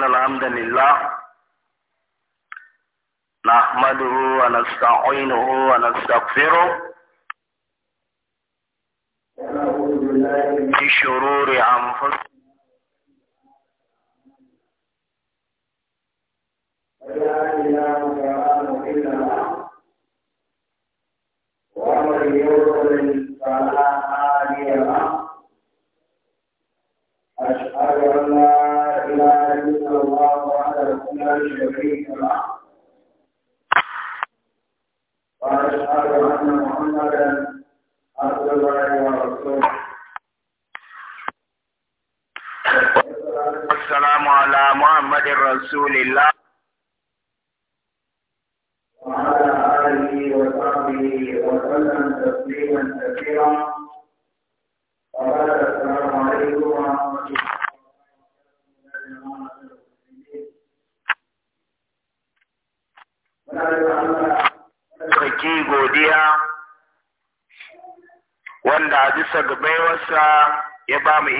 إن الحمد لله نحمده ونستعينه ونستغفره من شرور أنفسنا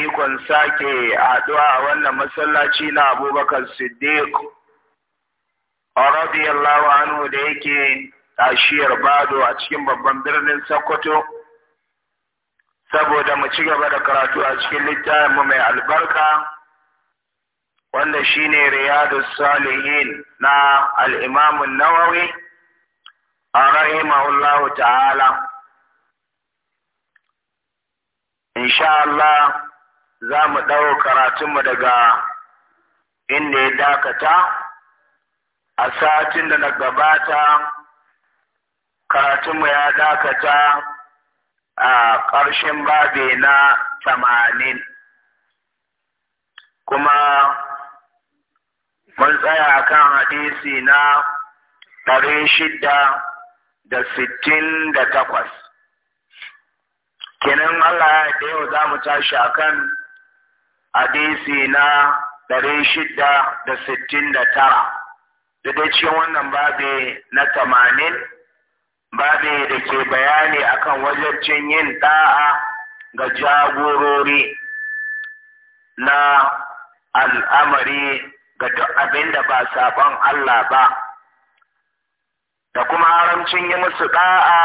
ikon sake haɗuwa a wannan masallaci na abubakar siddiq radiyallahu anhu da yake tashiyar bado a cikin babban birnin sokoto saboda mu ci gaba da karatu a cikin littafinmu mai albarka wanda shine riyadu salihin na al'imamun nawawi a rahimahullahu ta'ala insha Allah za mu ɗau karatunmu daga inda ya dakata a satin da na gabata karatunmu ya dakata a ƙarshen babe na tamanin kuma mun tsaya kan hadisi na ɗari shida da sittin da takwas kenan Allah ya yau za mu tashi akan hadisi na ɗari shida da sittin da tara da dai cikin wannan babe na tamanin babe da ke bayani akan wajabcin yin ɗa'a ga jagorori na al'amari ga duk abin da ba sabon Allah ba da kuma haramcin yi musu ɗa'a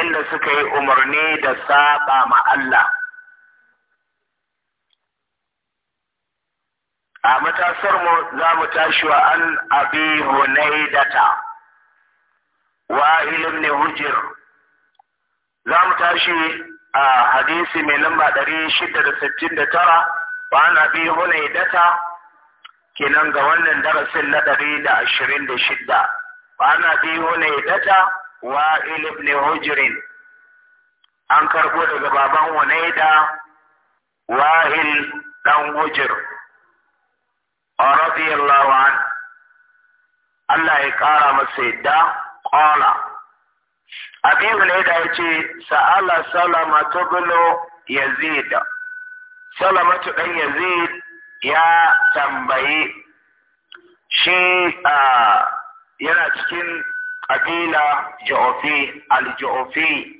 inda suka yi umarni da saɓa ma Allah. a matasar mu za mu tashi wa an abi hunaidata wa ne hujir? za mu tashi a hadisi mai lamba shida da da sittin tara wa an abi hunaidata kenan ga wannan darasin na ɗari da da ashirin shida. wa an abi hunaidata wa ne hujirin an karɓo daga baban hunaida wa'il dan hujir. radiyallahu an Allah ya ƙara masa yadda ƙola abin hulaida ya ce sa'ala salama tubulo yazid salamatu ɗan yazid ya tambayi shi yana cikin ƙabila jo'ofi al-jo'ofi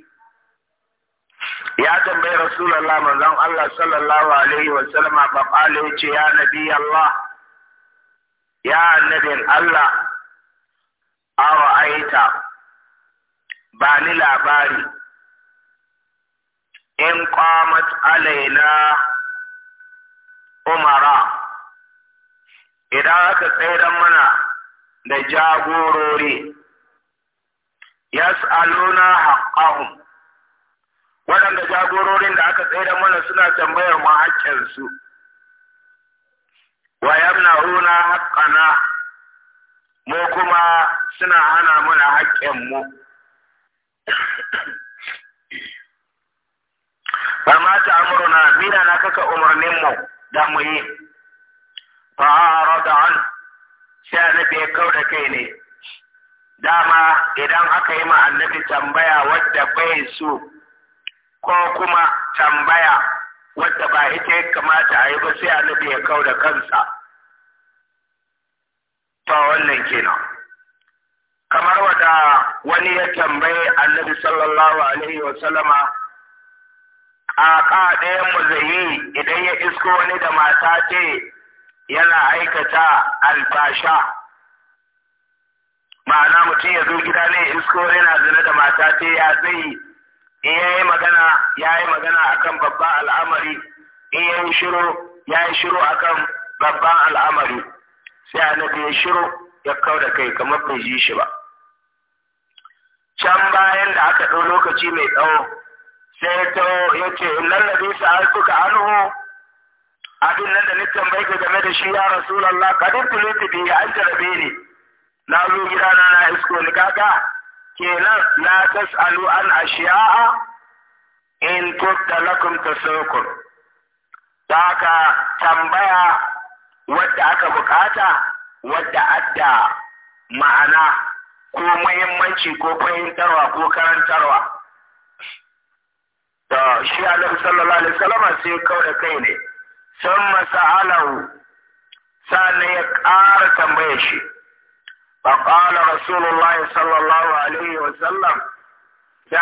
ya tambayi rasulallah manzon Allah sallallahu alaihi wa sallama fa qala ya nabi Allah ya annabin Allah awa aita ba ni labari in qamat alaina umara idan aka tsayar mana da jagorori yas'aluna haqqahum waɗanda jagororin da aka tsayar mana suna tambayar mu su wa yamna'una haqqana mu kuma suna hana muna haƙƙin mu ba ma ta amuruna mina na kaka umarnin mu da mu yi fa arada an sai annabi ya kau da kai ne dama idan aka yi ma annabi tambaya wadda bai su, ko kuma tambaya Wanda ba ita ya kamata a yi ba sai annabi ya kau da kansa ta wannan kenan kamar wata wani ya tambaye annabi sallallahu alaihi wa sallama a ka ɗayan mu zai yi idan ya isko wani da mata ce yana aikata alfasha ma'ana mutum ya zo gida ne isko yana zina da mata ce ya zai in ya yi magana ya yi magana akan babban al'amari in ya yi shiru ya yi shiru akan babban al'amari sai nufi ya shiru ya kau da kai kamar bai ji shi ba can bayan da aka ɗau lokaci mai tsawo sai ya tawo ya ce in lallabe su an suka abin nan da nittan bai ka game da shi ya rasulallah kadin tulutu biyu, an jarabe ne na zo gidana na isko ni kaga kenan la tas'alu an ashiya'a in tubda lakum tasukum ta ka tambaya wadda aka bukata wadda adda ma'ana ko muhimmanci ko fahimtarwa ko karantarwa da shi annabi sallallahu alaihi wasallam sai kawai kai ne sun alahu, sannan ya ƙara tambayar shi فقال رسول الله صلى الله عليه وسلم يا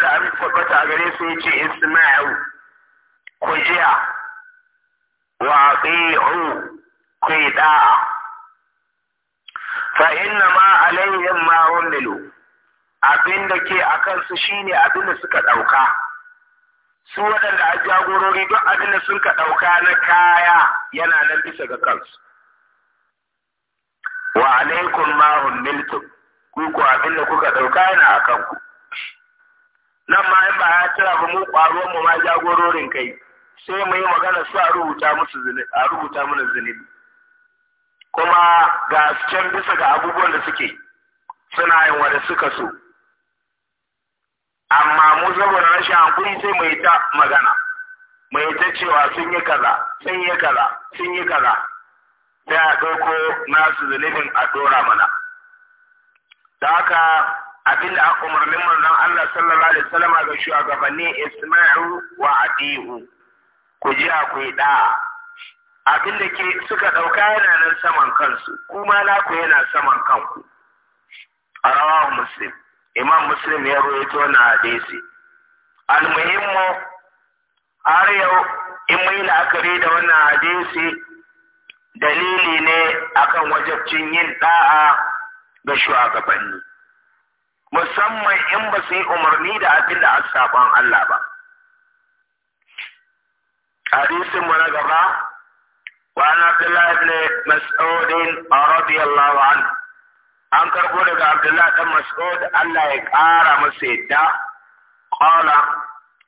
da abin tabbata a gare su yace isma'u ku jiya wa fa ma abin da ke akan su shine abin da suka ɗauka. su waɗanda a jagorori duk abin da suka ɗauka na kaya yana nan bisa ga kansu wa alaikun ma hummiltum ku ku abin da kuka dauka yana a kanku? nan ma in ba ya cira ba mu kwaruwan mu ma jagororin kai sai mu yi magana su a rubuta musu a rubuta mana zunubi kuma ga can bisa ga abubuwan da suke suna yin wanda suka so amma mu saboda rashin hankuri sai mu yi ta magana mu yi ta cewa sun yi kaza sun yi kaza sun yi kaza sai a ɗauko nasu zunubin a ɗora mana. Da haka abinda a umarnin manzon Allah sallallahu alaihi wasallam ga shugabanni Isma'il wa Adihu ku ji a ku da da ke suka ɗauka yana nan saman kansu kuma na ku yana saman kanku a rawa muslim imam muslim ya rawaito na hadisi almuhimmu har yau in mai la'akari da wannan hadisi dalili ne akan wajabcin yin da'a ga shugabanni musamman in ba su yi umarni da abin da a Allah ba hadisin mu na gaba wa ana Abdullah ibn Mas'ud radiyallahu anhu an karbo daga Abdullah dan Mas'ud Allah ya kara masa yadda qala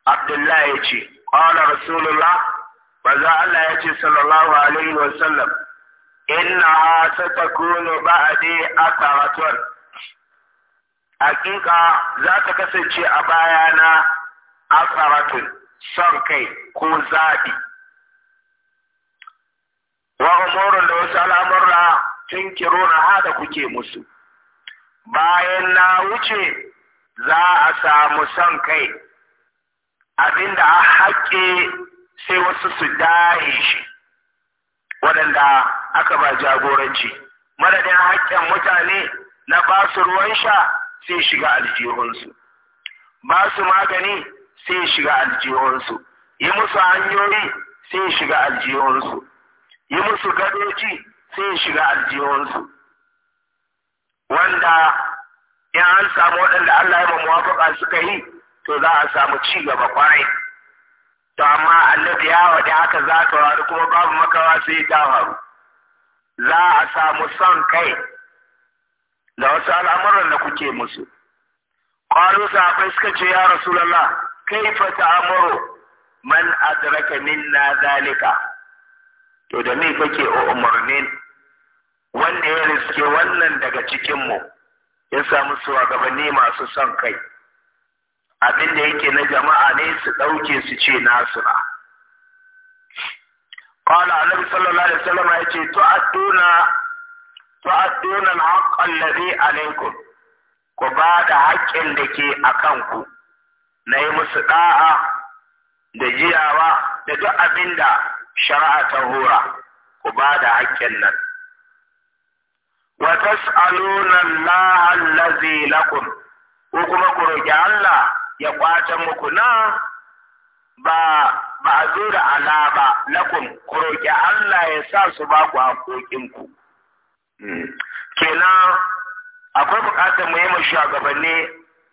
Abdullah yace qala Rasulullah Maza Allah ya ce sallallahu alaihi wa sallam inna satakunu a atharatun hakika za ta kasance a bayana atharatun son kai ko zaɓi. wa umurun da wasu al'amurra na hada kuke musu bayan na wuce za a samu son kai abinda a haƙe sai wasu su daye shi waɗanda aka ba jagoranci madadin haƙƙin mutane na ba su ruwan sha sai shiga aljihunsu ba su magani sai shiga aljihunsu yi musu hanyoyi sai shiga aljihunsu yi musu gadoci sai shiga aljihunsu wanda in an samu waɗanda Allah ya mamuwa suka yi to za a samu ci gaba kwarai. to amma annabi ya wadi haka za ta waru kuma babu makawa sai ta waru za a samu son kai da wasu al'amuran da kuke musu ƙwaro sahabai suka ce ya rasulallah kaifa ta'amuru man adraka minna zalika to da me kake umarnin wanda ya riske wannan daga cikinmu ya samu suwa gabani masu son kai abin da yake na jama'a ne su ɗauke su ce nasu na qala annabi sallallahu alaihi wasallam yace tu'adduna tu'adduna al-haqq alladhi ku ba da haƙƙin da ke a kanku, na yi musu ɗa'a da jiyawa da duk abin da shari'a ta hura ku ba da haƙƙin nan. Wa tas'aluna Allah allazi lakum ko kuma ku roƙi Allah ya kwata muku na ba ba a zo da ala ba lakum ku roƙi Allah ya sa su ba ku ku hmm. kenan akwai bukatar mu yi mu shugabanni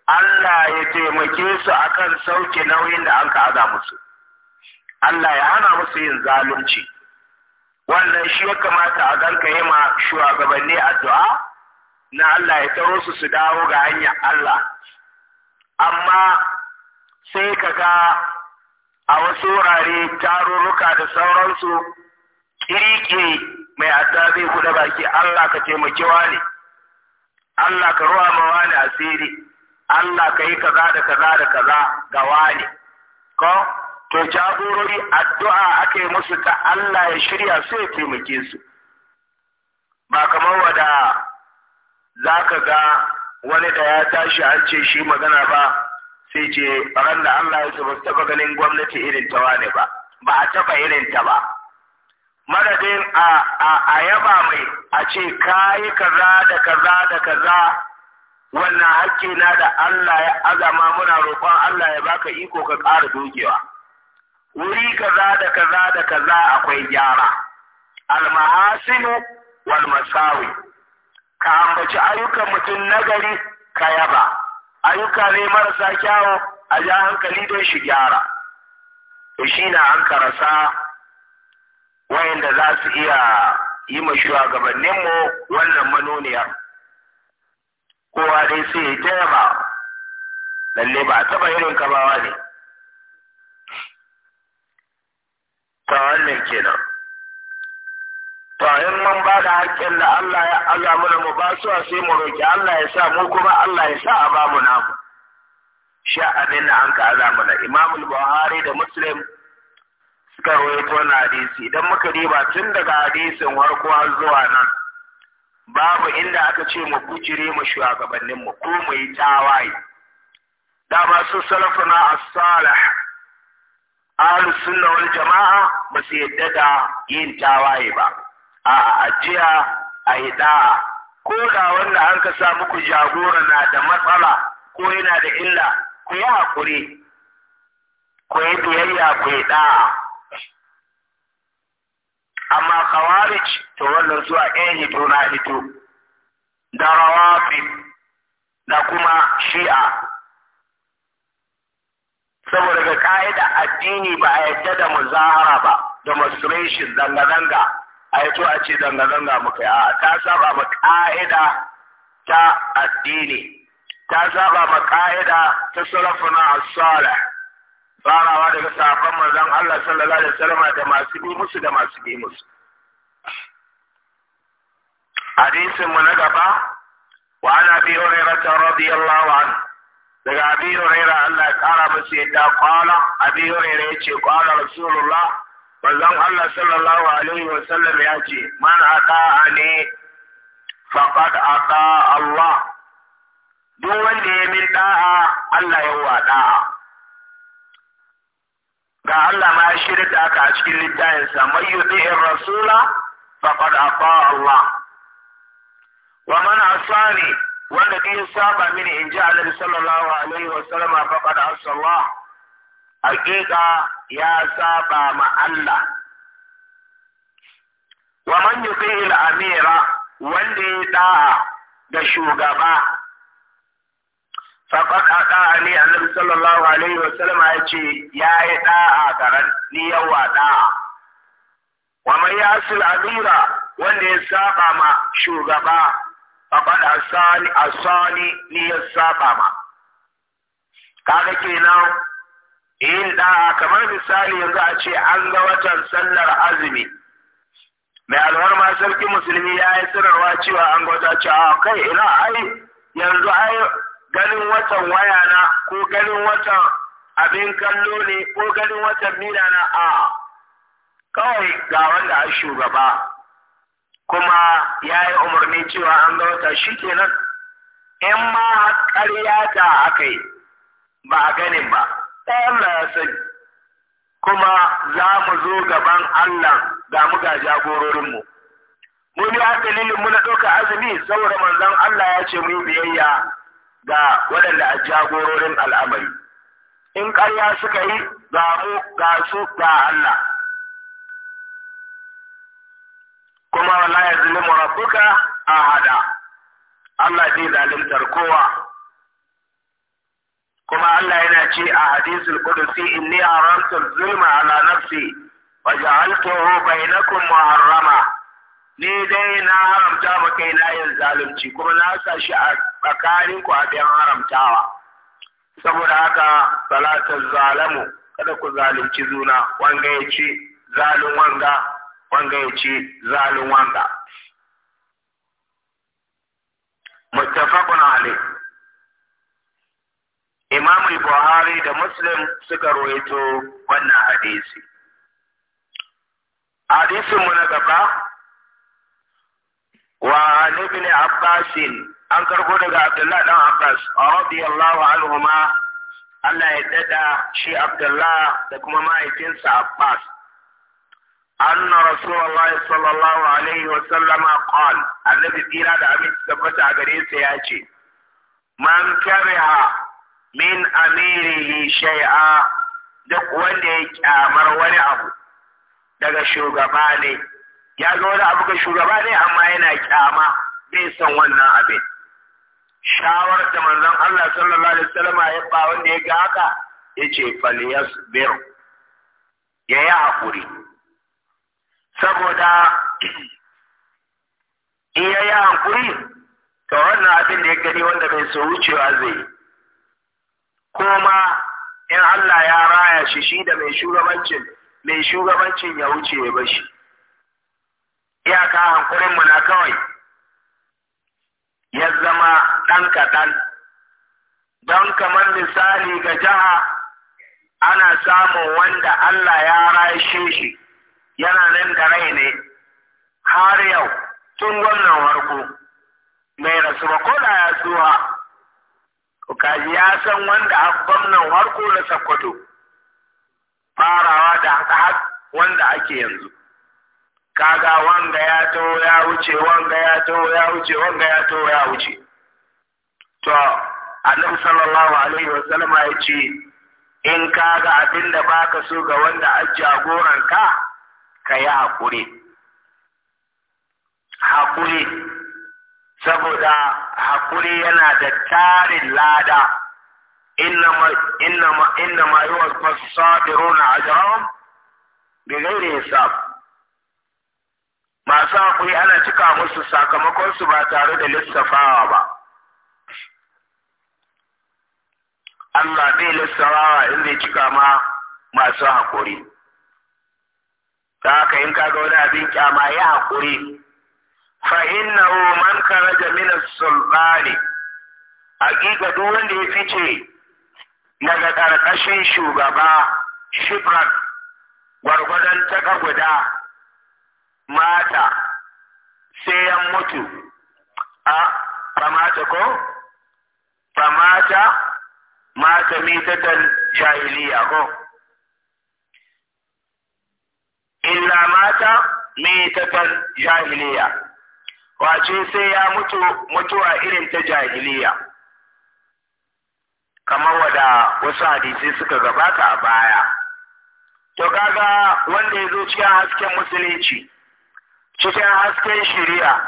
Allah ya taimake su akan sauke nauyin da an ka aza musu Allah ya hana musu yin zalunci wannan shi ya kamata a ganka yi ma shugabanni addu'a na Allah ya taro su su dawo ga hanyar Allah amma sai ka ga a wasu wurare tarurruka da sauransu ƙirƙe mai adda zai kuɗa baki Allah ka taimaki wani Allah ka ruwa ma wani asiri Allah ka yi kaza da kaza da kaza ga wani ko to jagorori addu'a aka yi musu ta Allah ya shirya su ya taimake su ba kamar wada za ka ga wani da ya tashi an ce shi magana ba sai ce ran da Allah ya ba taba ganin gwamnati irin ta wane ba ba a taba irin ta ba madadin a yaba mai a ce kayi kaza da kaza da kaza wannan hakki na da Allah ya azama muna roƙon Allah ya baka iko ka ƙara dogewa wuri kaza da kaza da kaza akwai gyara almahasinu wal masawi ka ambaci ayyukan mutum nagari ka yaba ayyuka ne marasa kyawo a ja hankali don shi gyara to shi na an karasa wayanda za su iya yi ma shugabanninmu wannan manoniyar kowa dai sai ya ta yaba lalle ba taba irin kabawa ne ta wannan kenan to in mun ba da haƙƙin da Allah ya Allah mu ba su sai mu roki Allah ya sa mu kuma Allah ya sa a ba mu namu sha abin da an ka mu na Imam Buhari da Muslim suka rawaito na hadisi idan muka diba tun daga hadisin farko har zuwa nan babu inda aka ce mu kujire mu shugabannin mu ko mu yi tawaye dama su salafuna as-salih ahlus sunna wal jama'a ba su yadda da yin tawaye ba a ajiya a yi da'a ko da wanda an ka sa muku jagora na da matsala ko yana da illa ku yi haƙuri ku yi biyayya ku yi da'a amma kawarij to wannan zuwa ɗaya hito na hito da rawafi da kuma shi'a saboda ga ka'ida addini ba a yadda da muzahara ba demonstration zanga-zanga ai ko a ce zanga-zanga muka a ta saba ma ka'ida ta addini ta saba ma ka'ida ta salafuna as-salih farawa daga sahabban manzon Allah sallallahu alaihi wasallam da masu bi musu da masu bi musu hadisin mu na gaba wa ana bi hurairah radiyallahu anhu daga abi hurairah Allah ya kara musu yadda qala abi hurairah yace qala rasulullah manzon Allah sallallahu alaihi wa sallam ya ce man aka ne faqad aka Allah duk wanda ya min da'a Allah ya wa da'a ga Allah ma ya shirya da aka a cikin littafinsa mai yuti'ir rasula faqad aka Allah wa man asani wanda duk ya saba mini in ji Annabi sallallahu alaihi wa sallama faqad asa Allah hakika ya saba ma Allah wa man yuti amira wanda ya da'a da shugaba faqad ata ali annabi sallallahu alaihi wa sallam ya ce ya yi da'a garan ni yawa da'a wa man yasil amira wanda ya saba ma shugaba faqad asani asani ni ya saba ma kaga kenan yin eh, da'a kamar misali yanzu a ce an ga watan sallar azumi mai alwar ma sarki musulmi ya yi sanarwa cewa an gwada cewa ah, kai ina ai yanzu ai ganin watan waya na ko ganin watan abin kallo ne ko ganin watan mina na a kawai ga wanda a shugaba kuma ya yi umarni cewa an ga wata shi kenan in ma ƙarya ta aka yi ba a ganin ba ɗaya kuma za mu zo gaban Allah ga mu ga jagororinmu. Mu yi dalilin muna ɗauka azumi saboda manzon Allah ya ce mu biyayya ga waɗanda a jagororin al'amari. In ƙarya suka yi ga mu ga su ga Allah. Kuma wala ya zulmu rabbuka ahada. Allah zai zaluntar kowa. kuma Allah yana ce a hadisul qudsi inni haramtu zulma ala nafsi wa ja'altuhu bainakum muharrama ni dai na haramta ma na yin zalunci kuma na sa shi a tsakanin ku a bayan haramtawa saboda haka salatul zalamu kada ku zalunci zuna wanga ya ce zalun wanga wanga ya ce zalun wanga muttafaqun عليه Imam Buhari da Muslim suka rawaito wannan hadisi. Hadisin mu na gaba wa ibn Abbas an karbo daga Abdullah dan Abbas radiyallahu anhuma Allah ya dada shi Abdullah da kuma mahaifinsa Abbas أن رسول الله صلى الله عليه وسلم قال الذي قيل هذا أمين gare sa yace man kariha min amirihi shay'a duk wanda ya kyamar wani abu daga shugaba ne ya ga wani abu ga shugaba ne amma yana kyama bai son wannan abin shawar da manzon Allah sallallahu alaihi wasallam ya ba wanda ya ga haka yace falyasbir ya yi hakuri saboda in ya hakuri to wannan abin da ya gani wanda bai so wucewa zai yi ko ma in Allah ya raya shi shi da mai shugabancin mai shugabancin ya wuce ya shi. iyaka hankurin mu na kawai ya zama ɗan kaɗan don kamar misali ga jiha ana samun wanda Allah ya rashe shi yana nan da rai ne har yau tun wannan harko mai rasuwa ko da ya zuwa kaji ya san wanda a gwamnan harko na sakkwato farawa da haɗa wanda ake yanzu kaga wanga ya taho ya wuce wanga ya taho ya wuce wanga ya taho ya wuce to annabi sallallahu alaihi wa sallama ya ce in kaga abin da baka so ga wanda a jagoranka ka yi haƙuri haƙuri saboda haƙuri yana da tarin lada inna ma yi wa sabiruna ajrahum bi ghairi hisab masu haƙuri ana cika musu sakamakon su ba tare da lissafawa ba Allah bai lissafawa in zai cika ma masu haƙuri. ta haka in kaga wani abin kyama ya haƙuri. fa innahu man kharaja min as-sultani hakika duk wanda ya fice daga ƙarƙashin shugaba shibrak gwargwadon taka guda mata sai ya mutu a famata ko famata mata mitatan jahiliya ko illa mata mitatan jahiliya Wace sai ya mutu mutuwa irin ta jahiliya kamar wada wasu hadisi suka gabata a baya to kaga wanda ya zo cikin hasken musulunci cikin hasken shari'a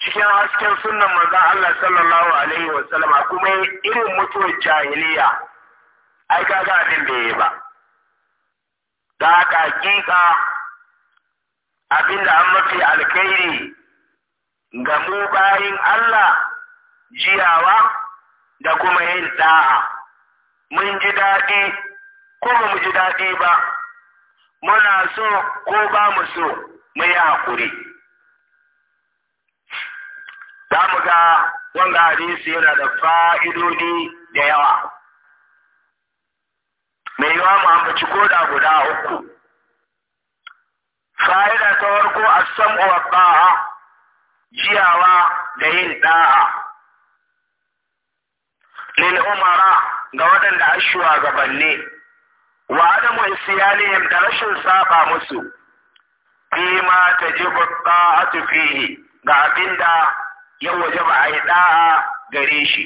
cikin hasken sunan manzon Allah sallallahu alaihi wa kuma irin mutuwar jahiliya ai kaga abin da yi ba da haka hakika abinda an mafi alkhairi ga mu bayin Allah jiyawa da kuma yin ɗa'a. Mun ji daɗi ko ba mu ji daɗi ba, muna so ko ba mu so mu yi haƙuri. Za mu ga wanga hadisi yana da fa'idodi da yawa. Mai yiwa mu ambaci da guda uku. Fa'ida ta farko a sam'uwa ba'a. jiyawa da yin ɗa'a. lil umara ga waɗanda a gabanne, wa adamu isyanihim da rashin saba musu ji tajibu ta'atu fihi ga abinda ya wajaba a yi ɗa'a gare shi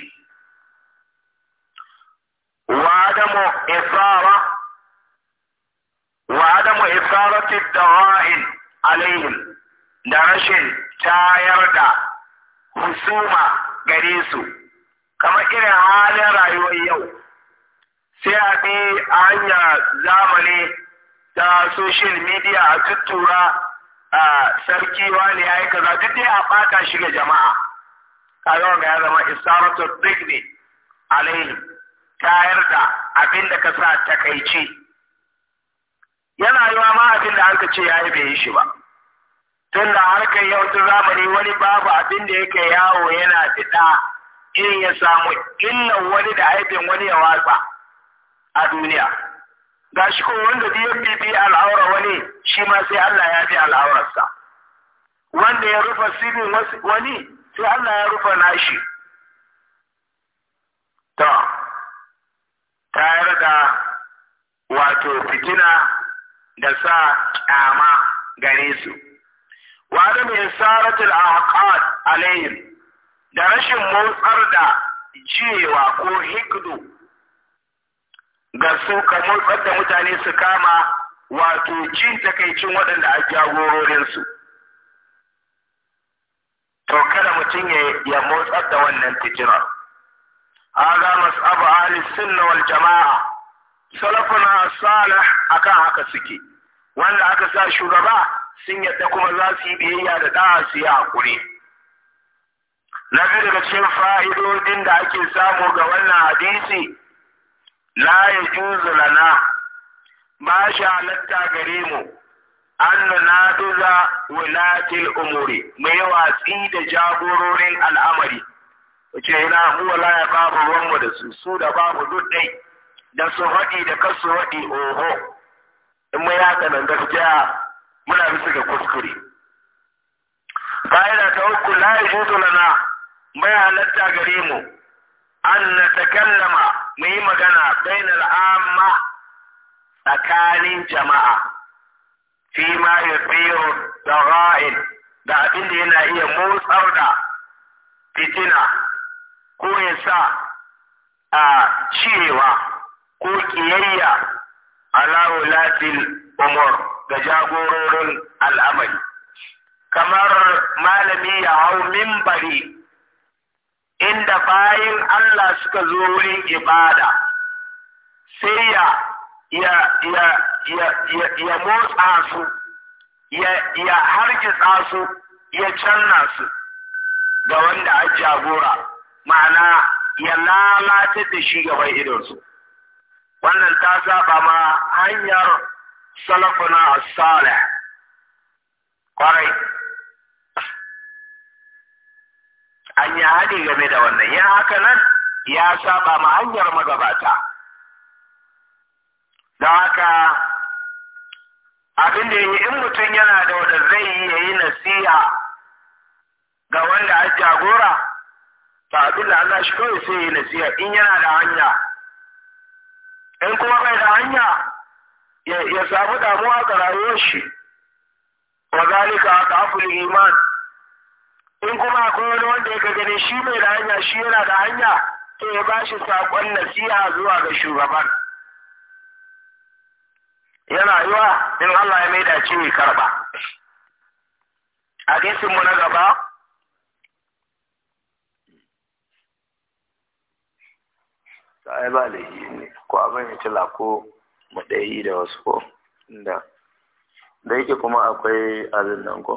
wa adamu isara wa adamu isarati dawa'in alaihim da rashin tayar da husuma gare su kamar irin halin rayuwar yau sai a bi a hanya zamani ta social media a tuttura a sarki wani ya yi kaza duk dai a ɓata shi ga jama'a kaga wanga ya zama isaratu digni alaihi tayar da abin da ka sa takaici yana yi ma abin da an ce ya yi bai yi shi ba tun da harkar yau ta zamani wani babu abin da yake yawo yana fita in ya samu illa wani da haifin wani ya watsa a duniya ga shi ko wanda biyar bibi al'aura wani shi ma sai Allah ya bi al'aurarsa wanda ya rufe sirrin wani sai Allah ya rufe nashi to tayar da wato fitina da sa kyama gare su wa mai saratul ahqad alaihim da rashin motsar da jiwa ko hikdu ga su ka motsar da mutane su kama wato jin takaicin waɗanda a su. to kada mutum ya motsar da wannan tijirar mas'abu ahli sunna wal jama'a salafuna salih أكا haka suke, wanda aka sa shugaba. sun yadda kuma za su yi biyayya da da'a su yi hakuri na biyu daga cikin fa'idodin da ake samu ga wannan hadisi la ya juzu lana ba shi halatta gare mu an na duza wulatil umuri mu yi watsi da jagororin al'amari wace yana huwa la ya babu ruwanmu da su su da babu duɗai da su haɗi da kasu haɗi oho in ya yaka gaskiya muna bisa ga kuskure fa'ida ta uku la yajuzu lana bai halatta gare mu an takallama mu yi magana bainal amma tsakanin jama'a fi ma yusiru daga'il da abin da yana iya motsar da fitina ko ya sa a cewa ko kiyayya ala umar ga jagororin al'amari kamar malami ya hau mimbari inda bayan Allah suka zo wurin ibada sai ya ya motsa su ya ya su ya canna su ga wanda a jagora ma'ana ya lalata da shi gaban idonsu wannan ta saba ma hanyar salafuna as kwarai an yi haɗi game da wannan ya haka nan ya saba ma hanyar magabata don haka abin da yi in mutum yana da wanda zai yi ya yi nasiha ga wanda a jagora ta abin da Allah shi kawai sai ya yi nasiha in yana da hanya in kuma bai da hanya ya samu damuwa ga rayuwar shi wa zalika da'aful iman in kuma akwai wani wanda yake gani shi mai da hanya shi yana da hanya to ya bashi sakon nasiha zuwa ga shugaban yana yiwa in Allah ya mai da ya karba hadisin mu na gaba ai ba da ne ko abin ya ci lako mu ɗaya da wasu ko da da yake kuma akwai abin nan ko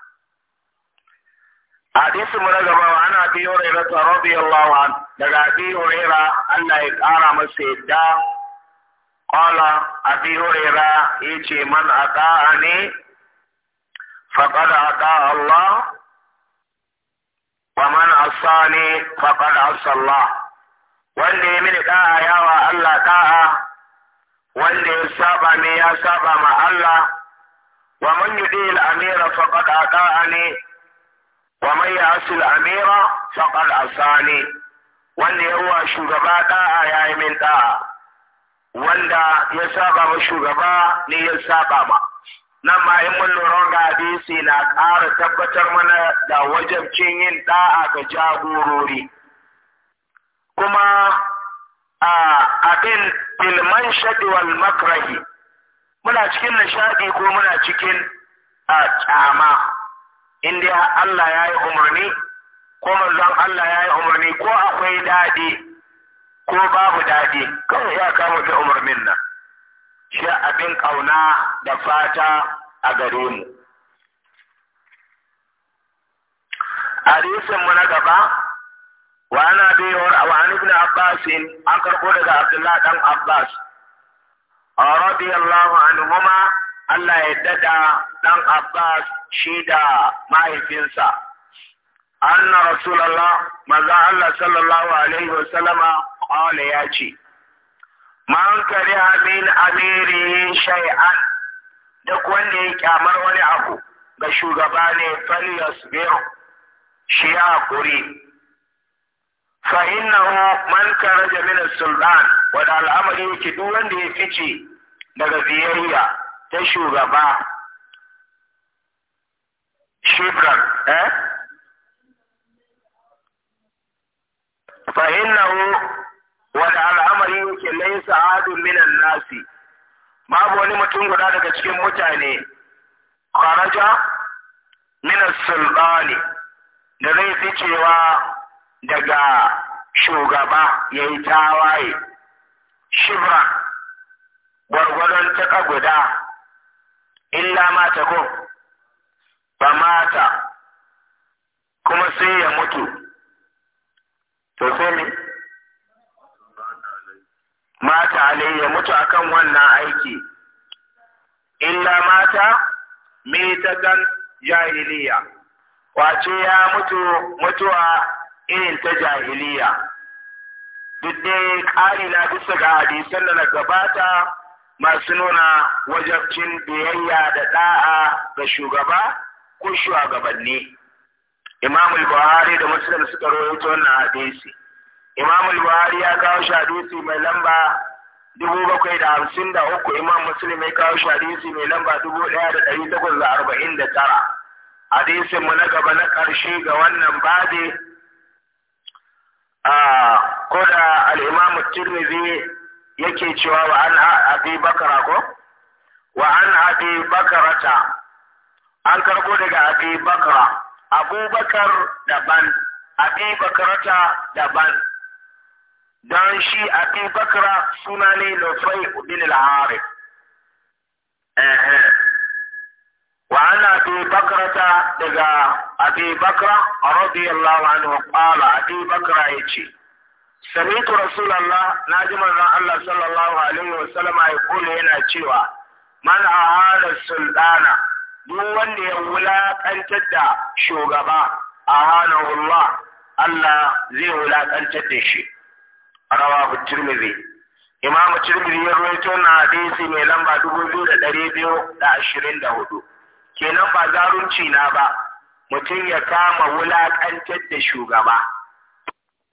hadisi mu na gaba ana abi hurairah radiyallahu an daga abi hurera Allah ya kara masa yadda qala abi hurairah yace man ata'ani faqad ata Allah wa man asani faqad asa Allah wanda ya mini da'a yawa Allah da'a wanda ya saba ne ya saba ma Allah wa man yudi al-amira faqad ata'ani wa man ya'sil amira faqad asani wanda ya ruwa shugaba ya yayi min da'a wanda ya saba ma shugaba ne ya saba ma nan ma in mun lura ga hadisi na ƙara tabbatar mana da wajabcin yin ɗa'a ga jagorori kuma a abin filman shaɗi wal makrahi muna cikin nishaɗi ko muna cikin a ƙyama in dai Allah ya yi umarni ko manzon Allah ya yi umarni ko akwai daɗi ko babu daɗi kawai ya kama ta umarnin nan shi abin ƙauna da fata a gare mu hadisin mu na gaba wa ana biyar wa an ibn Abbas an karɓo daga Abdullah dan Abbas radiyallahu anhuma Allah ya dada ɗan Abbas shi da mahaifinsa. Anna Rasulallah, maza Allah sallallahu Alaihi wasallama ƙwale ya ce, Man kari amin amiri shay'an duk wanda ya kyamar wani abu ga shugaba ne Falius Bill shi ya haƙuri. Fa'innahu man kara jami'in sultan, wadda al'amari yake duk wanda ya fice daga biyayya ta shugaba shukar eh Wani wani al'amari yake laysa adun minan nasi babu wani mutum guda daga cikin mutane kharaja minas sulbani da zai fi cewa daga shugaba ya yi tawaye shibra gwargwadon taka guda illa mata ko ba mata kuma sai ya mutu to sai ne mata alai ya mutu akan wannan aiki illa mata mitatan jahiliya wace ya mutu mutuwa irin ta jahiliya duk dai ƙari na bisa ga hadisan da na gabata masu nuna wajabcin biyayya da da'a ga shugaba ko shugabanni. Imam Buhari da Muslim suka rawaito wannan hadisi. Imam Buhari ya kawo shi hadisi mai lamba dubu bakwai da hamsin da uku Imam Muslim ya kawo shi hadisi mai lamba dubu ɗaya da ɗari takwas da arba'in da tara. Hadisin mu na gaba na ƙarshe ga wannan a Koda al-Imam Tirmidhi yake cewa wa an abi bakara ko wa an abi bakarata an karbo daga abi bakara abubakar daban abi bakarata daban don shi abi bakara suna ne lufai bin al-harith wa an abi bakarata daga abi bakara radiyallahu anhu qala abi bakara yace sami'tu rasulullah na ji manzon Allah sallallahu alaihi wa sallama ya kula yana cewa man ahada sultana duk wanda ya wulakantar da shugaba a ahanahu Allah Allah zai wulakantar da shi A rawa rawahu tirmidhi imamu tirmidhi ya rawaito na hadisi mai lamba dubu biyu biyu da da da ashirin hudu. kenan ba zarunci na ba mutum ya kama wulaƙantar da shugaba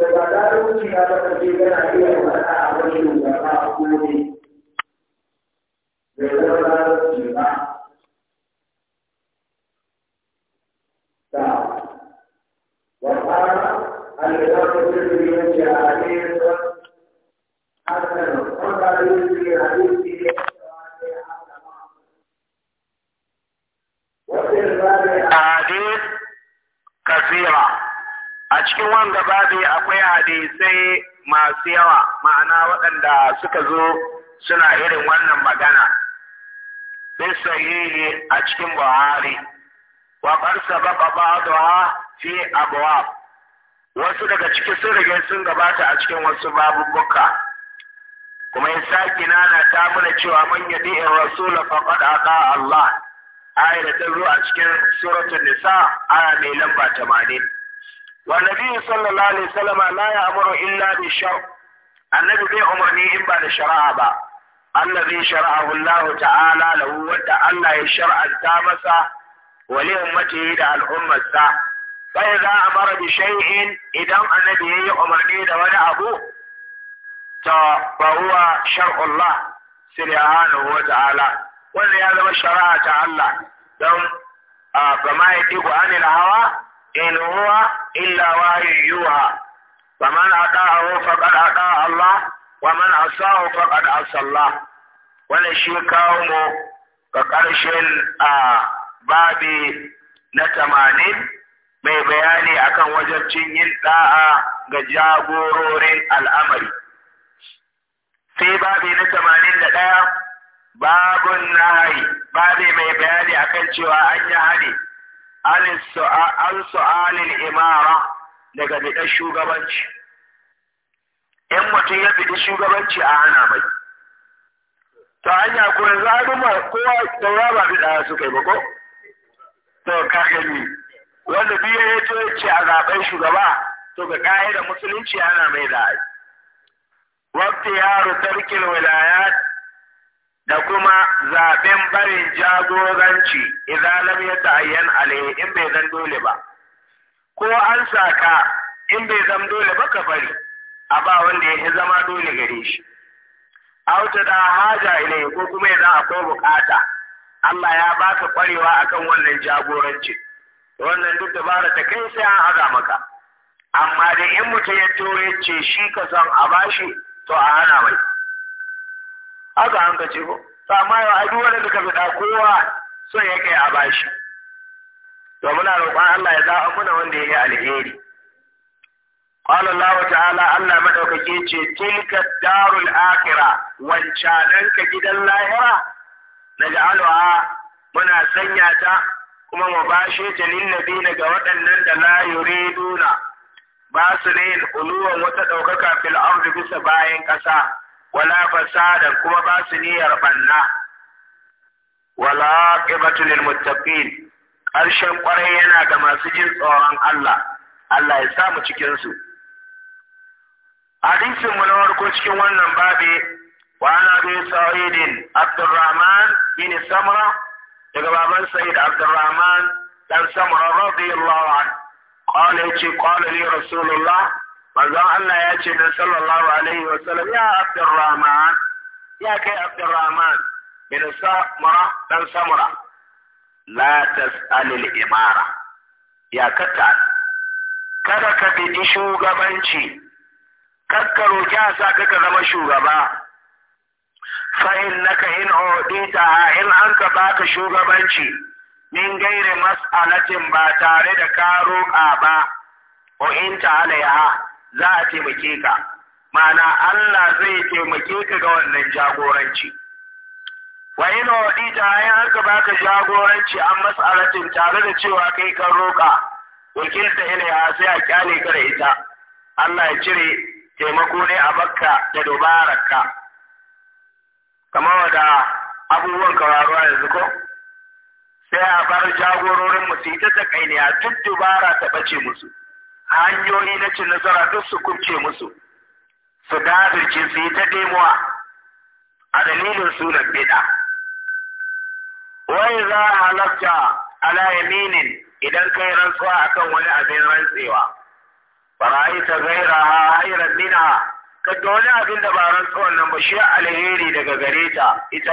فقالوا إذا تكذبنا إلى ولا أعرفوا ولا أقولي بغير الجماع وقال الإمام الذي جاء عليه حسن وقال في حديثه وفي الباب أحاديث كثيرة a cikin wanga babi akwai hadisai masu yawa ma'ana waɗanda suka zo suna irin wannan magana bin sahihi a cikin buhari wa Sababa ba ba'daha fi abuwa wasu daga cikin sun rage sun gabata a cikin wasu babubuka kuma ya saki nana ta mana cewa man yadi rasul faqad aqa Allah ayar ta zo a cikin suratul nisa aya mai lamba tamanin? wa nabi sallallahu alaihi wasallam la ya amuru illa bi shar annabi bai umarni in ba da shar'a ba annabi shar'ahu Allah ta'ala lahu wa Allah ya shar'anta masa wa li da al ummata fa idan amara bi shay'i idan annabi ya yi umarni da wani abu ta fa huwa shar'u Allah subhanahu ta'ala wanda ya zama shar'a ta Allah dan ba mai diku anil hawa in إلا وحيها فمن أطاعه فقد أطاع الله ومن عصاه فقد عصى الله wani shi kawo ga ƙarshen a babi na tamanin mai bayani akan wajabcin yin da'a ga jagororin al'amari. Sai babi na tamanin da babun babi mai bayani akan cewa an yi hane an su'alin imara daga biɗar shugabanci. In mutum ya biɗi shugabanci a hana mai. Ta hanya za a duma kowa ya ba fi suka su ba ko? To ka gani wanda biyu ya to ce a zaɓen shugaba to ga ƙa'idar musulunci ana mai da ai. Wakti yaro tarkin wilayat da kuma zaɓen barin jagoranci idan lam ya ta'ayyan in bai zan dole ba ko an saka in bai zan dole ba ka bari a ba wanda ya zama dole gare shi auta da haja ilai ko kuma ya akwai bukata Allah ya baka kwarewa akan wannan jagoranci wannan duk dabara ta kai sai an haza maka amma da in mutum ya tore ce shi ka san a bashi to a hana mai aka ce ko to amma yau ai duk wanda suka fita kowa son ya kai a bashi to muna roƙon Allah ya zaɓa muna wanda ya yi alheri qala Allah ta'ala Allah maɗaukaki ce tilka darul akhirah wancananka ka gidan lahira Na naj'aluha muna sanya ta kuma mu bashe ta lillabina ga waɗannan da la yuriduna ba su ne uluwan wata ɗaukaka fil ardi bisa bayan ƙasa wala fasadan kuma ba su niyyar banna wala aqibatu lil ƙarshen ƙwarai yana ga masu jin tsoron Allah Allah ya samu cikin su hadisin mu na farko cikin wannan babi wa ana bi sa'idin Abdurrahman bin Samra daga baban Sa'id Abdurrahman dan Samra radiyallahu anhu qala yace qala li rasulullah manzon Allah ya ce nan sallallahu alaihi wa sallam ya Abdurrahman ya kai Abdurrahman bin Samura dan Samura la tas'alil imara ya kata kada ka bi shugabanci kakkaro kya sa kaka zama shugaba fa innaka in udita in an ka baka shugabanci min gairi mas'alatin ba tare da ka ba o in ta alaiha za a taimake ka ma'ana Allah zai taimake ka ga wannan jagoranci wa ina wadita ayin haka baka jagoranci an mas'alatin tare da cewa kai kan roƙa wakilta ya sai a kyale ka da ita Allah ya cire taimako ne a bakka da dubararka kamar wata abubuwan kawaruwa yanzu ko sai a bar jagororin musu ita ta kainiya duk dubara ta bace musu hanyoyi na cin nasara duk su kubce musu su dazirce su yi ta demuwa a dalilin sunan bid'a wai za a halatta ala yaminin idan kai rantsuwa akan wani abin rantsewa fara'aita a hayran minha kaga wani abin da ba rantsuwan nan ba shi alheri daga gare ta ita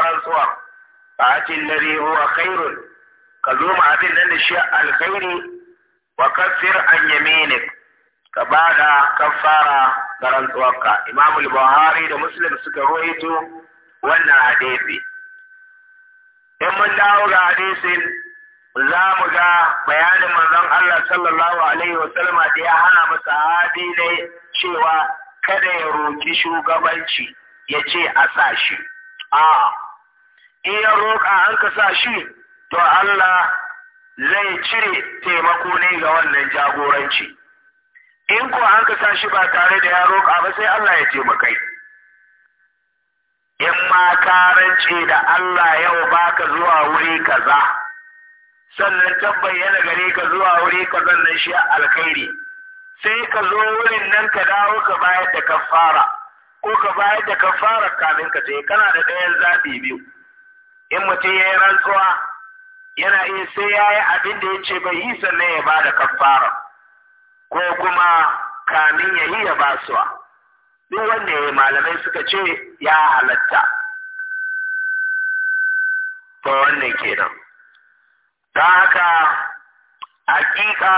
a cin lari huwa khairun ka zo ma abin nan da shi alkhairi wa kaffir an yaminik ka ba da kafara ga rantsuwarka imamul buhari da muslim suka ruwaito wannan hadisi in mun dawo ga hadisin za mu ga bayanin manzon Allah sallallahu alaihi wasallama da ya hana masa hadi ne cewa kada ya roki shugabanci ya ce a sa shi a in ya roƙa an ka sa shi to Allah zai cire taimako ne ga wannan jagoranci in ko an ka sa shi ba tare da yaro, roƙa ba sai Allah ya taimakai in ma ka rance da Allah yau baka zuwa wuri kaza sannan tabbayyana gare ka zuwa wuri kaza nan shi alkhairi sai ka zo wurin nan ka dawo ka bayar da kafara ko ka bayar da kafara kafin ka je kana da ɗayan zaɓi biyu in mutum ya yi rantsuwa yana iya sai ya yi abin da ya ce bai yi sannan ya ba da kafara ko kuma kamin ya yi ya ba suwa duk wanda ya malamai suka ce ya halatta to wannan kenan ta haka hakika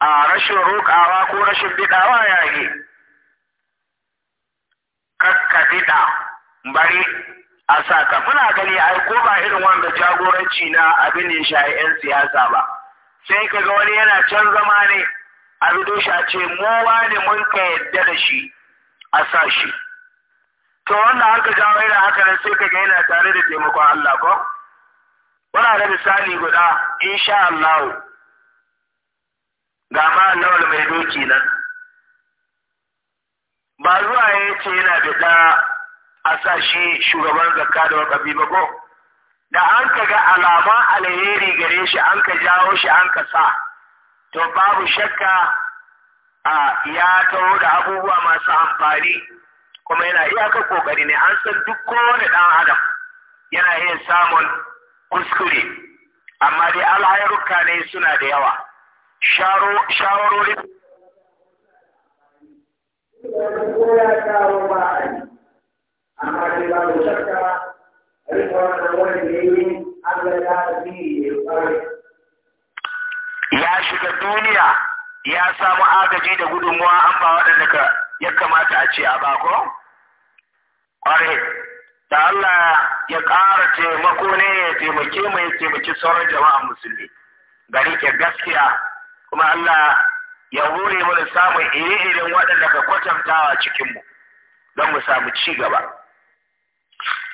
a rashin rokawa ko rashin bidawa ya yi kakka bida bari a saka muna gani ai ko ba irin wanda jagoranci na abin da shayi 'yan siyasa ba sai kaga wani yana can zama ne a bido shi a ce mu wani mun ka yadda da shi a sa shi to wannan haka jawo irin haka nan sai kaga yana tare da taimakon Allah ko muna da misali guda insha Allah ga ma Allah mai doki nan ba zuwa ya yana da a sa shi shugaban zakka da wakabi ba da an ka ga alaman alheri gare shi an ka jawo shi an ka sa to babu shakka a ya taho da abubuwa masu amfani kuma yana iyaka kokari ne an san duk kowane dan adam yana iya samun kuskure amma dai alhairuka ne suna da yawa shawarori amma babu shakka wannan wani ya da ya ya shiga duniya ya samu agaji da gudunmuwa an ba waɗanda ya kamata a ce a bako? ko ƙware da Allah ya ƙara taimako ne ya taimake mu ya taimaki sauran jama'a musulmi gari ke gaskiya kuma Allah ya hure mana samun iri-irin waɗanda ka kwatantawa cikinmu don mu samu ci gaba.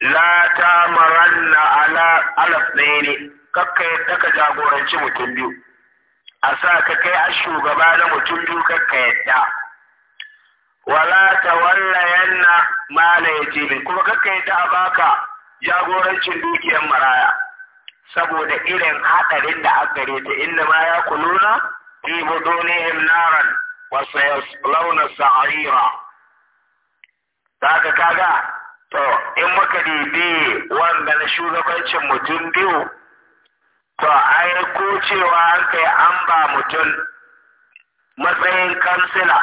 la ta maranna ala alaf ɗaya ne kakka yadda ka jagoranci mutum biyu a sa ka kai a shugaba na mutum biyu kakka yadda wala ta wallayanna mala yatimin kuma kakka yadda a baka jagorancin dukiyar maraya saboda irin haɗarin da aka gare ta inda ma ya kuluna fi budunihim naran wa sayaslawna sa'ira ta kaga to in muka dide wanda na shugabancin mutum biyu to ai ko cewa an kai an ba mutum matsayin kansila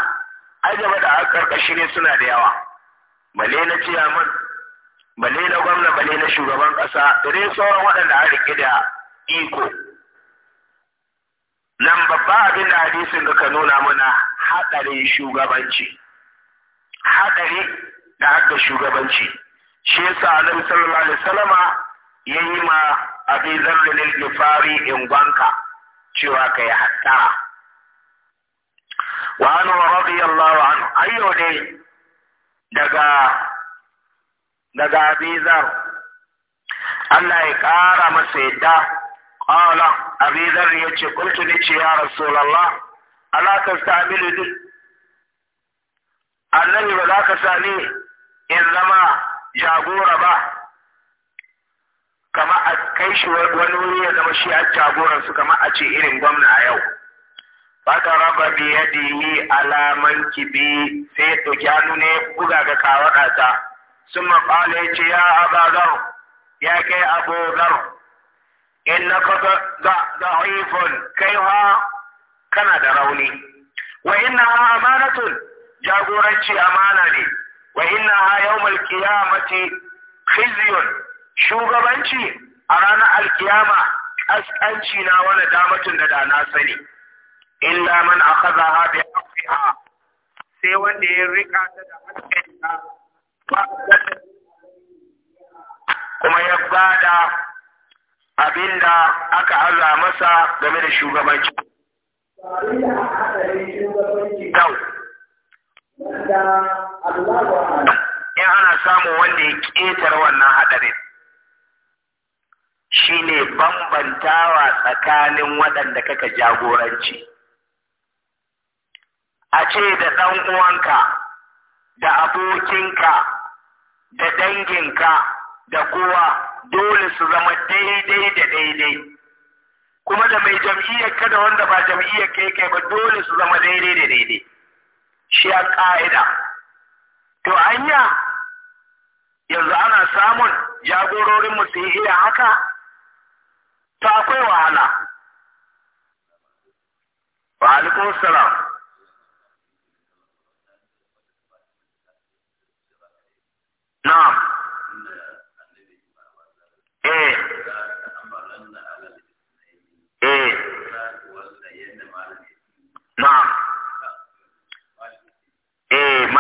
ajaba da aka karkashi ne suna da yawa bale na ciyaman bale na gwamna bale na shugaban kasa da sauran waɗanda a rike da iko nan babba abin da hadisin da ka nuna mana haɗarin shugabanci haɗari da haka shugabanci shi yasa annabi sallallahu alaihi wasallama yayi ma abi zarri lil gifari in gwanka cewa kai hatta wa an radiyallahu anhu ayyo ne daga daga abi zar Allah ya kara masa yadda qala abi zar yace kuntu ce ya rasulullah ala tastamilu annabi ba za ka sani in zama jagora ba kama a kai shi wani wuri ya zama shi a jagoran su kama a ce irin gwamna a yau ta raba da yi alaman kibi sai ya ɗauki hannu ne buga ga kawaɗa ta sun maƙala ce ya abazar ya kai abozar in na kasa da'ifun kai ha kana da rauni wa inna ha amanatun jagoranci amana ne wa innaha malkiya mace khizyun shugabanci a ranar alkiyama ƙasƙanci na wani damatun da da na sani illa man akhadha bi ha, sai wanda ya rika ta da hakkinta kuma ya bada abinda aka haza masa game da shugabanci. Yau, in ana samun wanda ya ƙetar wannan haɗarin shi ne bambantawa tsakanin waɗanda kaka jagoranci a ce da ɗan uwanka da abokinka da danginka da kowa dole su zama daidai da daidai kuma da mai jam'iyyar ka da wanda ba jam'iyyar kai kai ba dole su zama daidai da daidai shi a ƙa'ida to anya yanzu ana samun jagororin mu su iya haka to akwai wahala wa alikun salam Na. eh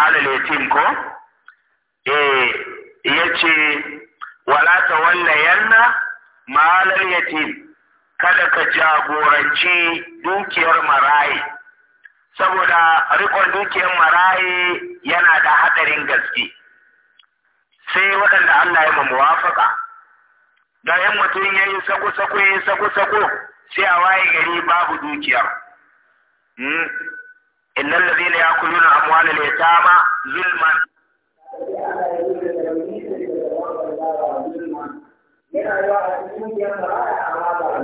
ya yatim ko eh ya yace wala tawallayanna ya yatim kada ka jagoranci dukiyar marayi. saboda rikon dukiyar marayi yana da hadarin gaske sai waɗanda Allah ya muwafaka da yan mutum ya yi sako-sako ya yi sako-sako sai a waye gari babu dukiyar hmm? Inna innal ladhina yakuluna amwalal yatama zulman yana yawa a cikin yamma a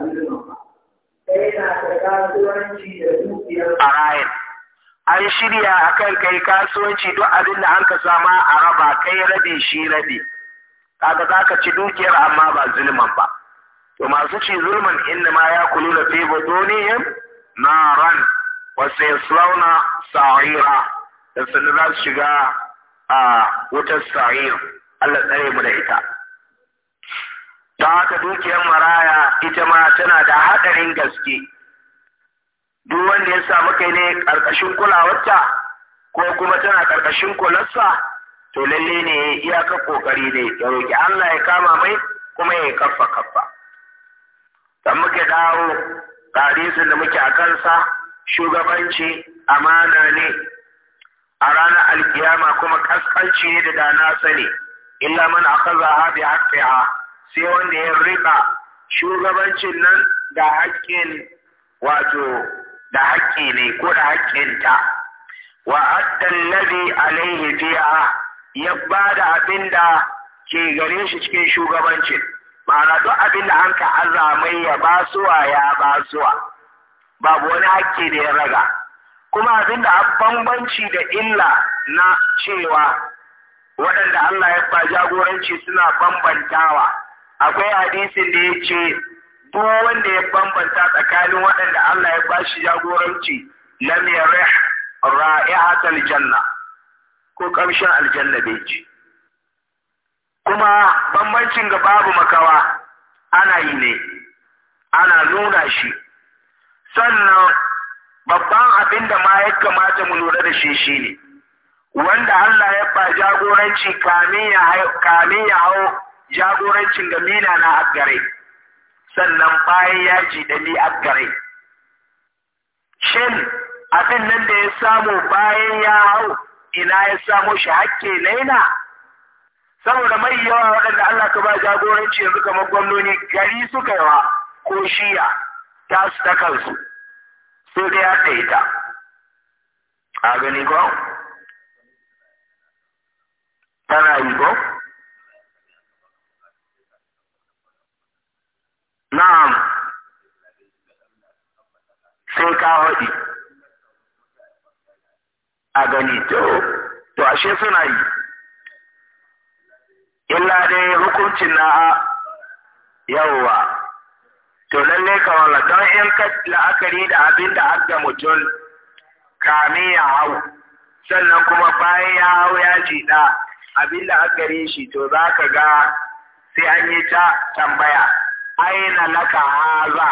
rayan an shirya akan kai kasuwanci don abin da an ka sama a raba kai rabi shi rabi kaga za ka ci dukiyar amma ba zulman ba to masu ci zulman inna ma ya kulu na fi na ran. wasu yaslauna sa'ira da sannu za su shiga a wutar sa'ir Allah tsare mu da ita ta haka dukiyar maraya ita ma tana da haɗarin gaske duk wanda ya samu kai ne ƙarƙashin kulawarta ko kuma tana ƙarƙashin kularsa to lalle ne iyakar ƙoƙari ne ya roƙi Allah ya kama mai kuma ya kaffa kaffa dan muke dawo ga da muke a kansa shugabanci amana ne a ranar alkiyama kuma kaskanci ne da dana sani illa man haɗe bi haqqiha sai wanda ya rika shugabancin nan da haƙƙin wato da haƙƙi ne ko da ta? wa addan a alaihi fiha ya bada abin da ke gare shi cikin shugabancin ma'ana duk abin da an ka azamai ya basuwa ya basuwa babu wani hakki da ya raga kuma abin da bambanci da illa na cewa waɗanda Allah ya ba jagoranci suna bambantawa akwai hadisin da ya ce duk wanda ya bambanta tsakanin waɗanda Allah ya ba shi jagoranci lam yarih ra'ihat aljanna, ko kamshin aljanna bai ji kuma bambancin ga babu makawa ana yi ne ana nuna shi sannan babban abin da ma ya kamata mu lura da shi shi ne. wanda Allah ya ba jagoranci kamin ya hau jagorancin ga mina na aggare sannan bayan ya ji ni aggare shin abin nan da ya samu bayan ya hau ina ya samu shi hakke laina saboda mai yawa waɗanda Allah ka ba jagoranci yanzu kamar gwamnoni gari suka yawa ko shiya ta su ta kansu sai dai ya ita a gani ko tana yi ko na'am sai ka haɗi a gani to to ashe suna yi illa dai hukuncin na yawwa to lallai ka wala don in ka la'akari da abin da adda mutum kame ya hau sannan kuma bayan ya hau ya abin da akari shi to za ka ga sai an yi ta tambaya aina laka haza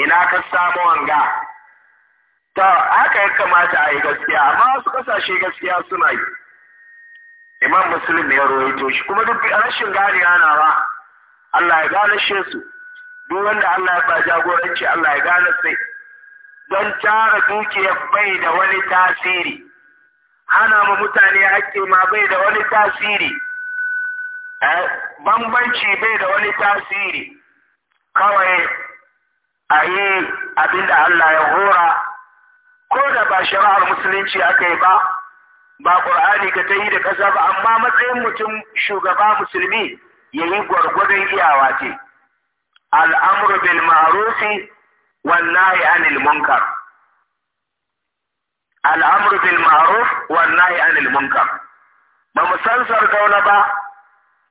ina ka samu wanga ta haka ya kamata a yi gaskiya amma wasu kasashe gaskiya suna yi imam musulmi ya rawaito shi kuma duk rashin gane yana ba Allah ya gane shi su duk wanda Allah ya ba jagoranci Allah ya gane sai don tara dukiyar bai da wani tasiri hana ma mutane hakki ma bai da wani tasiri eh, bambanci bai da wani tasiri kawai a yi abin Allah ya hora ko da ba shari'ar musulunci aka yi ba ba ƙur'ani ka ta da ƙasa ba amma matsayin mutum shugaba musulmi ya yi gwargwadon iyawa ce. al’amuru bil maarufi, wan anil munkar Al’amuru bil anil munkar ba mu san sardauna ba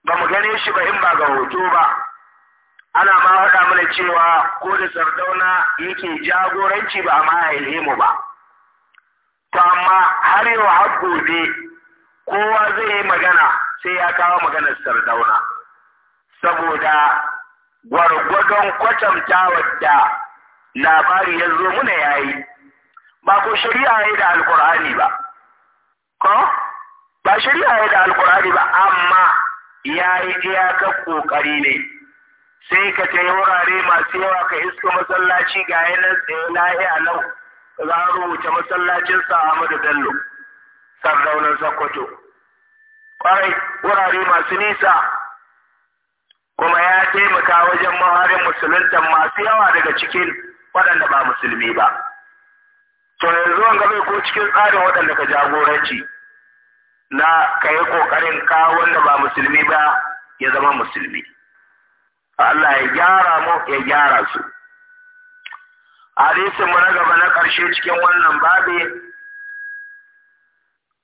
ba mu gane shi ba in ba ga hoto ba ana ma faɗa mana cewa ko da sardauna yake jagoranci ba ma haihe mu ba to amma har yau har gobe kowa zai yi magana sai ya kawo maganar sardauna saboda gwargwadon kwatanta wadda labari ya zo muna yayi ba ko shari'a ya da alkur'ani ba ko ba shari'a ya da alkur'ani ba amma ya yi ka kokari ne sai ka ta yi wurare masu yawa ka iska masallaci ga yanar tsaye lahiya nau za a rubuta masallacin sa Ahmadu Bello sardaunan Sokoto kwarai wurare masu nisa kuma ya taimaka wajen maharin musulunta masu yawa daga cikin waɗanda ba musulmi ba. To yanzu wanga bai ko cikin tsarin waɗanda ka jagoranci na ka yi ƙoƙarin kawo wanda ba musulmi ba ya zama musulmi. Allah ya gyara mu ya gyara su. Hadisin mu na gaba na ƙarshe cikin wannan babi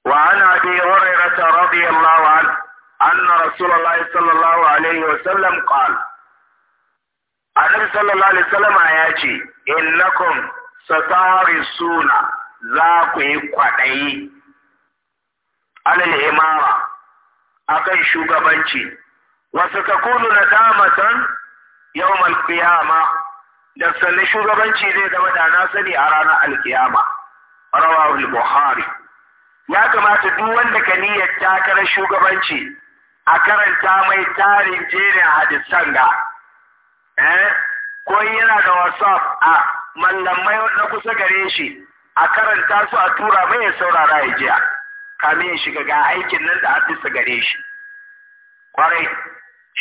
wa ana bi hurairata radiyallahu anhu أن رسول sallallahu alaihi wa sallam وسلم annabi sallallahu صلى الله عليه ce آياتي satarisuna za ku yi kwaɗayi الإمارة imama akan shugabanci wasu ندامة na القيامة yau alkiyama da ذي shugabanci zai zama da na sani a ranar alkiyama buhari ya kamata duk wanda ka niyyar takarar shugabanci a karanta mai tarin jerin hadisan ga eh ko yana da wasaf a mallamai na kusa gare shi a karanta su a tura mai ya saurara ya jiya kamin ya shiga ga aikin nan da a gare shi kwarai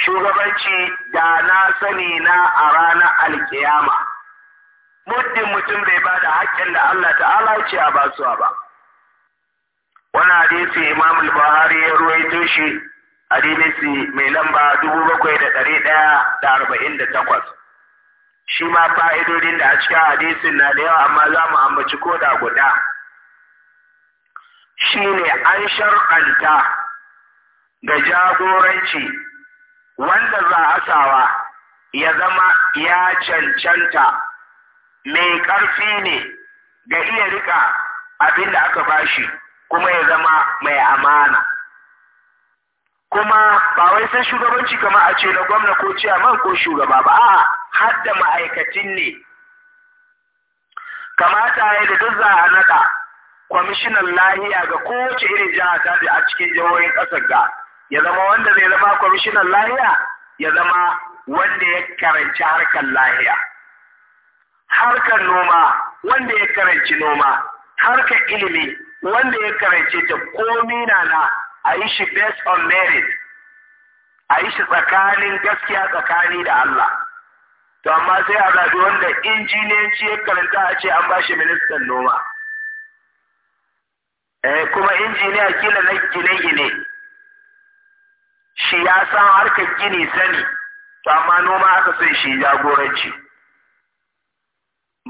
shugabanci da na sani na a ranar alkiyama muddin mutum bai ba da haƙƙin da Allah ta'ala ce a basuwa ba wani hadisi imam Buhari ya ruwaito shi hadisi mai lamba dubu bakwai da ɗari ɗaya da arba'in da takwas. Shi ma fa'idodin da a cikin hadisin na da yawa amma za mu ambaci ko da guda. Shi ne an shar'anta ga jagoranci wanda za a sawa ya zama ya cancanta mai ƙarfi ne ga iya rika abin da aka bashi kuma ya zama mai amana. kuma ba wai san shugabanci kamar a ce na gwamna ko ciyaman ko shugaba ba a'a har da ma'aikacin ne kamata ya da duk za a naɗa kwamishinan lahiya ga kowace irin jiha ta a cikin jihohin ƙasar ga ya zama wanda zai zama kwamishinan lahiya ya zama wanda ya karanci harkar lahiya harkar noma wanda ya karanci noma harkar ilimi wanda ya karanci ta komi na na a yi shi based on merit a yi shi tsakanin gaskiya tsakani da Allah to amma sai a zaɓi wanda injiniyanci ya karanta a ce an ba shi ministan noma eh kuma injiniya kila na gine-gine shi ya san harkar gini sani to amma noma aka sai shi jagoranci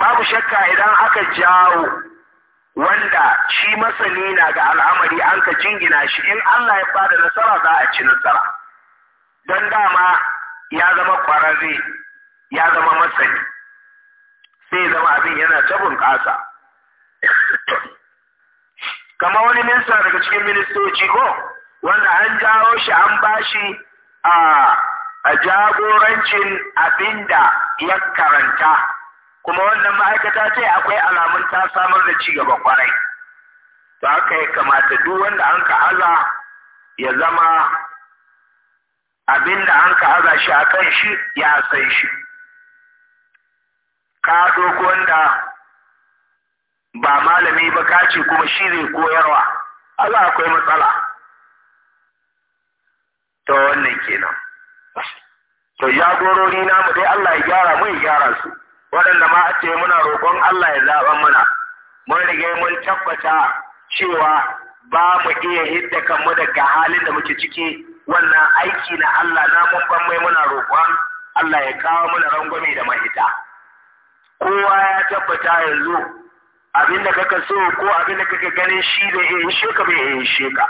babu shakka idan aka jawo wanda shi masani na ga al'amari an ka jingina shi in Allah ya bada nasara za a ci nasara don dama ya zama kwararre ya zama masani sai zama abin yana ta bunƙasa kama wani minista daga cikin ministoci ko wanda an jawo shi an bashi a jagorancin abinda ya karanta kuma wannan ma'aikata ce akwai alamun ta samar da ci gaba kwarai to haka ya kamata duk wanda an ka aza ya zama abin da an ka aza shi a kan shi ya san shi ka doko wanda ba malami ba ka ce kuma shi zai koyarwa Allah akwai matsala Ta wannan kenan to jagorori namu dai Allah ya gyara mu ya gyara su waɗanda ma a ce muna roƙon Allah ya zaɓa mana mun rige mun tabbata cewa ba mu iya hidda kanmu daga halin da muke ciki wannan aiki na Allah na mun mai muna roƙon Allah ya kawo mana rangwame da mahita kowa ya tabbata yanzu abin da kaka so ko abin da kaka ganin shi da ya yi sheka bai yi sheka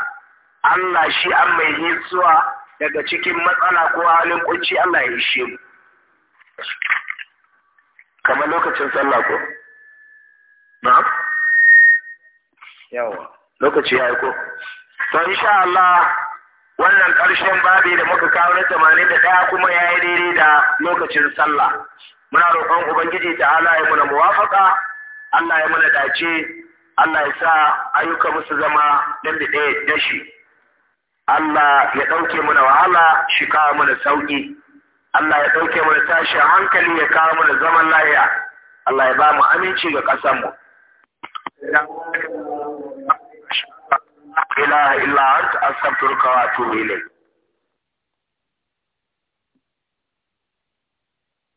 Allah shi an mai hitsuwa daga cikin matsala ko halin kunci Allah ya yi shi kamar lokacin sallah ko na yawa lokaci ya ko to insha Allah wannan ƙarshen babi da muka kawo na tamanin da ɗaya kuma ya yi daidai da lokacin sallah muna roƙon ubangiji ta Allah ya muna muwafaka Allah ya muna dace Allah ya sa ayyuka musu zama dan da ɗaya da shi Allah ya ɗauke muna wahala shi kawo muna sauƙi Allah ya ɗauke mu da tashi hankali ya kawo mu da zaman lahiya Allah ya ba mu aminci ga ƙasar mu ilaha ila anta astaghfiruka wa